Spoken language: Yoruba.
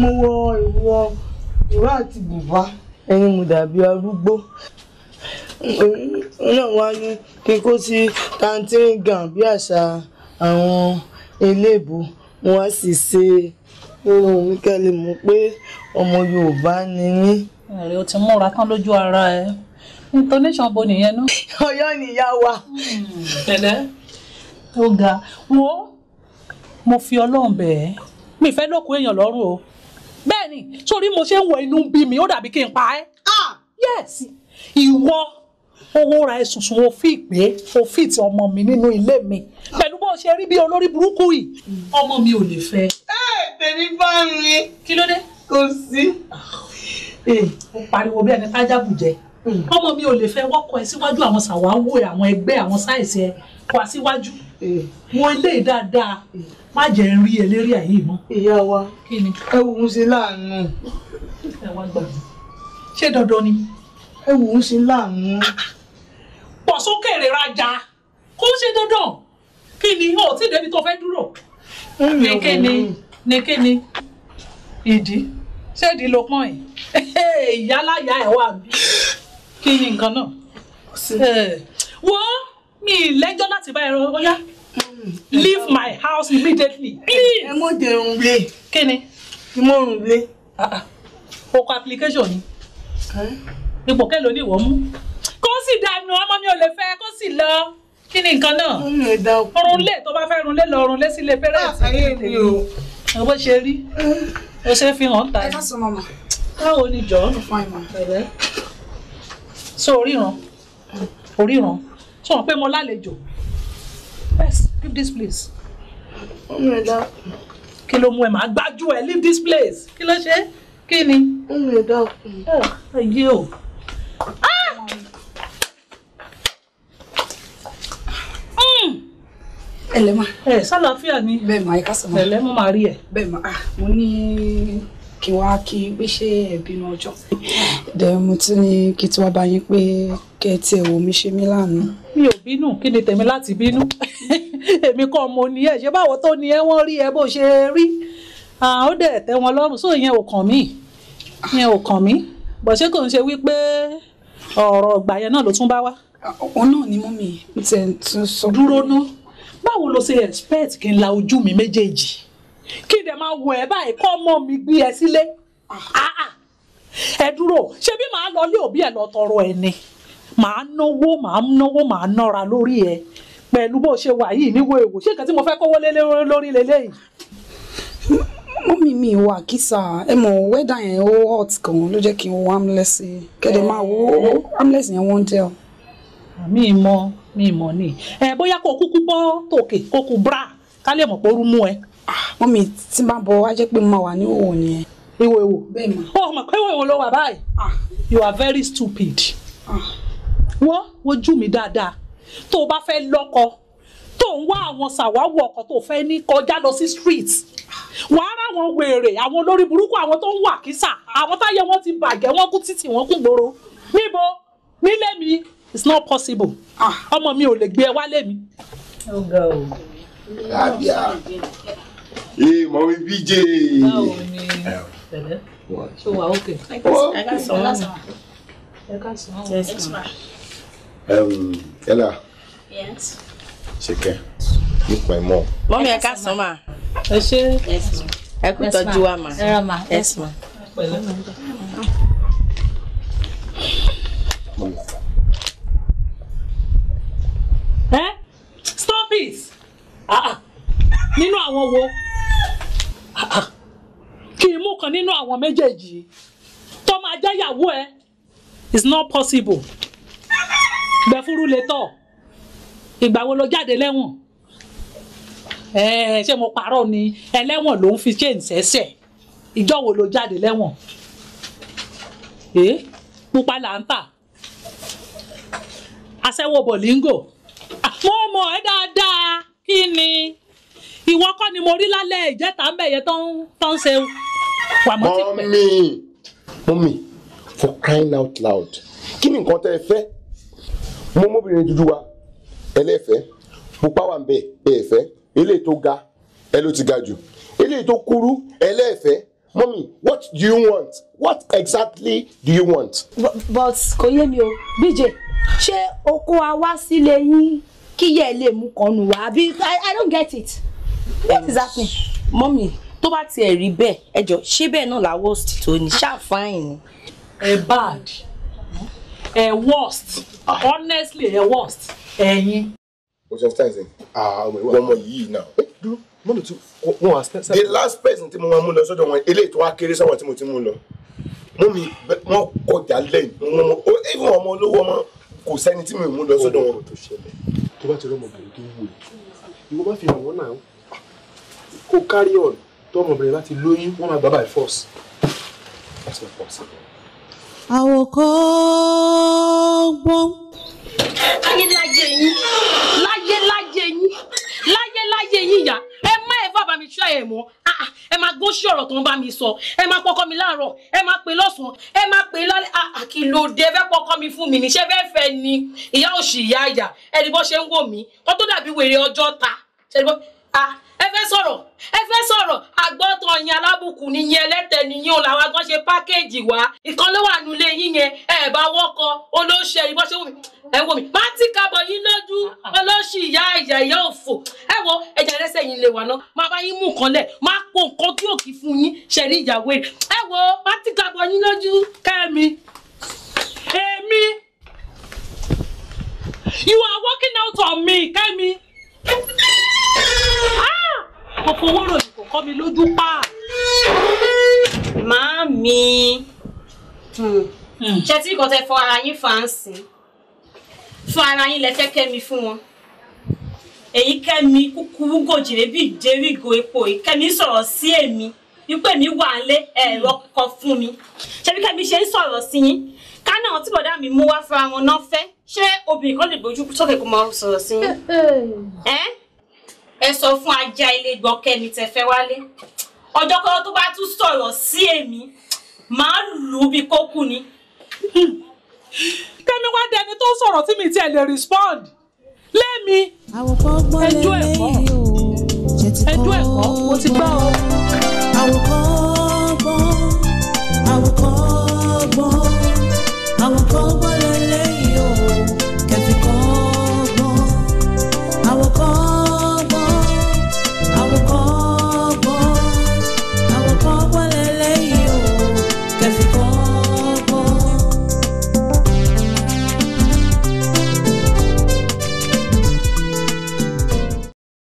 mo wọ ìwọ ìwọ àti bùbá ẹ̀yin mo dàbí arúgbó náà wá ní kí n kó sí tantin gan bí àṣà àwọn eléèbó mo wá sì ṣe ohun mi kẹ́lẹ́ mọ̀ pé ọmọ Yorùbá ni mí. ẹ̀rẹ̀ o ti múra tán lójú ara ẹ intonation bo nìyẹn náà. Ọ̀yọ́ nìyá wa. tẹ̀lẹ́ hmm, ó ga wo mo fi Ọlọ́run bẹ̀ ẹ́ mi fẹ́ lókun èèyàn lọ́rùn o bẹ́ẹ̀ ni sórí mo ṣe ń wọ inú bí mi ó dàbí kí n pa ẹ́ ah! yes ìwọ owó ra ẹ̀sùn sùn òfin pé òfin ti ọmọ mi nínú ilé mi pẹ̀lú bó ṣe rí bí olórí burúkú yìí ọmọ mi ò lè fẹ́. ẹ eh, tèmi bá ń rin kí ló dé. kò sí. ó ah, eh, pariwo bí ẹni tájà bùjẹ. Mm. ọmọ mi ò lè fẹ́ wọ́kọ̀ ẹ síwájú àwọn sàwáwò ẹ àwọn ẹgbẹ́ àwọn sáìsì ẹ kọ́ ẹ síwájú mm. wọn ilé dáadáa mm. má jẹ́ ń rí eléré àyè mọ́. ìyá wa ẹ wò ó ṣe láàánú. ẹ wá gbà mí ṣé dandan ni. ẹ wò ó ṣe láàánú. pọ̀ sókè rẹ̀ rajà kó ṣe dandan kí ni o ti débi tó fẹ́ dúró. nìkéni nìkéni ìdí ṣé ìdí ló pọ́n ẹ̀ ìyá láyà ẹ̀ wà bí kí ni nǹkan náà wo mi lẹ́jọ́ láti bá ẹ̀rọ ọyá leave my house immediately please. ẹ mọ jẹun lé. kí ni. mo rùn lé. ọkọ application ni ipò kẹlò ni ìwọ mú kó sì dànù ọmọ mi ò lè fẹ́ kó sì lọ kí ni nǹkan náà ọrùn lè tó bá fẹ́ rùn lé lọ ọrùn lé sílé pẹrẹẹtì ah, ayé mi o ẹ bó ṣe rí ẹ ṣe fi hàn ta ẹ ká sọ mọ báwo ni jọ ẹ fọ so oríran oríran so wọn pé mo lálejò yes leave this place. ọmọ ẹ̀dá. kí ló mú ẹ màá gbájú ẹ leave this place kí ló ṣe kí ni. ọmọ ẹ̀dá. ẹ yé o. Ah! Hmm. ẹlẹ́mà. ẹ sálàáfíà ni. bẹ́ẹ̀ ma ẹ̀ka sọ̀rọ̀. ẹ̀lẹ́ mo máa rí ẹ. bẹ́ẹ̀ ma ah, mo ní kí wá kí gbéṣẹ́ ẹ̀bínú ọjọ́ dẹ̀ mo tún ní kí tí wàá bá yín pé kẹ́ ẹ tiẹ̀ wò mí ṣe mí lánàá. mi ò bínú kí ni tèmi láti bínú èmi kọ́ mo ní ẹ̀ ṣé báwo tó ní ẹ wọ́n rí ẹ bó ṣe rí ó dẹ̀ tẹ́ wọn lọ́rùn sóò yẹn ò kàn mí yẹn ò kàn mí bọ̀ ṣé kò ń ṣe wípé ọ̀rọ̀ ọgbà yẹn náà ló tún bá wá. òun náà ni mú mi tẹ̀ ń tún sọ. dúró ná báwo lo ṣe expect kí n la ojú mi méjèèjì kí n dẹ̀ máa wọ ẹ báyìí kọ́ mọ́ mi gbé ẹ sílé. Ah. Ah, ah ẹ dúró ṣé bí màá lọ lé òbí ẹ lọ tọrọ ẹ ni màá náwó màá náwó màá nọra lórí ẹ pẹ̀lú bó ṣe wà yìí níwò èwò ṣé nǹkan tí mo fẹ́ kówó lé lórí lélẹ́yìí. mọ́mí mi wà kìsà ẹ mọ̀ wẹ́dà yẹn ó hot kan ló jẹ́ kí n wo amless kẹ́dẹ̀ máa wo amless yẹn wọ́n jẹ́ o. Ah, mi mọ mi mọ ni ẹ bóyá kó kúkú bọ́ tòkè kó kú bra ká lè mọ̀ pé ó rú mú ẹ. Ah, mọ́mí tí n bá bọ̀ wá pé mo máa wà ní òwò nìyẹn ìwọ ìwọ ó mọ̀ pé ìwọ ìwọ ló wà báyìí ah. you are very stupid ah. wọ́n wojú mi dáadáa tó o bá fẹ́ lọ́kọ tó ń wá àwọn ṣàwáwò ọkọ tó fẹ́ ní kọjá lọ sí street wàá rà wọn wèrè àwọn olórí burúkú àwọn tó ń wà kísà àwọn táyé wọn ti bàjẹ́ wọn kú títì wọn kú gbòòrò níbo nílé mi it's not possible ah. ọmọ mi ò lè gbé ẹ wálé mi. àbíà ee mọ̀ mi bíjè. báwo ni ṣó wà ókè. ẹ ká sọ lásán. ẹ ká sọ lásán. Ella. Yes. Ṣèkẹ́ nípa ìmọ̀. mọ́mí ẹ ká sọ mà. ẹ ṣe ẹ kú tọ́jú wa mà. ẹ ra mà ẹ sọ. Stop it! Ah, ah. nínú àwọn wo kan nínú àwọn méjèèjì tó máa jẹ́ ìyàwó ẹ it's not possible gbẹ̀fúrú lè tọ̀ ìgbà wo ló jáde lẹ́wọ̀n ṣé mo parọ́ ni ẹlẹ́wọ̀n ló ń fi ṣe ìṣẹ́ṣẹ́ ìjọ wo ló jáde lẹ́wọ̀n pupa là ń tà aṣẹ́wó bọ̀língò ah, mo mọ̀ ẹ́ dáadáa kí ni ìwọ kọ́ ni mo rí lálẹ́ ìjẹta ń bẹ̀yẹ tó ń ṣe mọ́mí mọ́mí for crying out loud kí ni nǹkan tẹ́ ẹ fẹ́ mo mọ́bìnrin dúdú wa ẹlẹ́fẹ́ pupa wà ń bẹ̀ ẹ fẹ́ eléyìí tó ga ẹ ló ti ga jù eléyìí tó kúrú ẹlẹ́fẹ́ mọ́mí what do you want what exactly do you want. but kò yé mi o BJ. ṣé oko wa wá sílé yín kíyẹ̀ lè mú kọ́nu wá àbí i don't get it what is happening mọ́mí tó bá tiẹ̀ rí bẹ́ẹ̀ ẹ ṣé bẹ́ẹ̀ náà la worst tó ní ṣáà ẹ bad ẹ worst honestly ẹ worst ẹyin. o ṣe fún ṣe ọmọ yìí náà eh, dúró mọ́tò tí wọ́n wá spẹ́sẹ̀. the last person tí mo máa mú lọ sọ́dọ̀ wọn eléyìí tó wá kéré sáwọn tí mo ti mú lọ mú mi wọ́n kọjá lẹ́yìn ìwọ̀n ọmọ olówó ọmọ kò sẹ́ni tí mi mú lọ sọ́dọ̀ wọn. tó bá ti rọ́mọ bèrè tó wù ú ìwọ bá fi hàn wọ́n náà kó carry on tọmọbìnrin bá ti lóyún wọ́n máa gbà by force that's not possible. àwòkọ́ gbọ́n. ayé láyé yín láyé láyé yín láyé láyé yín yá ẹ má ẹ bá mi ṣá ẹ mọ́ ẹ máa gbóṣì ọ̀rọ̀ tó ń bá mi sọ ẹ máa pọkọ mi láàárọ̀ ẹ máa pè lọ́sàn-án ẹ máa pè lálẹ́ àkìlóde ah, ah, ẹ fẹ́ pọkọ mi fún mi ní ṣé fẹ́ ni ìyá òṣì ìyá ìyá ẹni bọ́ ṣe ń wò mí kó tó dàbí wèrè ọjọ́ ta ṣe ni bọ́ ẹ fẹ́ sọ̀rọ̀ ẹ fẹ́ sọ̀rọ̀ àgbọ́tọ̀ yín alábùkù nìyẹn ẹlẹ́tẹ̀ nìyẹn o làwọn agbọ́n ṣe pákéèjì wá ìkan ló wà nulẹ̀ yín yẹn ẹ bá wọ́kọ olóṣè ìbọn ṣe wù mí ẹ wò mí má ti kábọ̀ yín lójú olóṣì ìyá ìyá ìyá òfò ẹ wo ẹja ẹlẹ́sẹ̀ yín lè wà náà má bá yín mú nǹkan lẹ̀ má po nǹkan tí òkì fún yín ṣe ìyàwó ẹ ẹ wo má ti kábọ̀ yín lójú kẹ́mi èmi you are walking out on me kẹ́mi kọ́kọ́ owó ròyìn kò kọ́ mi lójú pa. Màámi hmm. ṣe tí nǹkan tẹ fọ ara yín fàǹsì fún ara yín lẹ fẹ́ kẹ́mi fún wọn èyí kẹ́mi kúkúrú gòjìlé bíi ìdérígo epo èyí kẹ́mi sọ̀rọ̀ sí èmi wípé mi wà lé ẹ̀rọ kọ fún mi ṣe bí kẹ́mi ṣe ń sọ̀rọ̀ sí yín ká náà tí bọ̀dá mi mú wá fúnra wọn náà fẹ́ ṣé obìnrin kan lè gbójú sókè kó máa sọ̀rọ̀ sí yín. Eh, eh ẹ sọ fún ajá ilé gbọ́kẹ́mi tẹ fẹ́ wálé ọjọ́ kan tó bá tún sọ̀rọ̀ sí èmi màá lù ú bí kókù ni. kẹ́mi wá dẹni tó sọ̀rọ̀ tí mi tiẹ̀ lè respond lẹ́mi ẹjọ́ ẹ̀kọ́ ẹjọ́ ẹ̀kọ́ mo ti gbọ́ o. àwòkọ́ gbọ́n àwòkọ́ gbọ́n àwòkọ́ gbọ́n.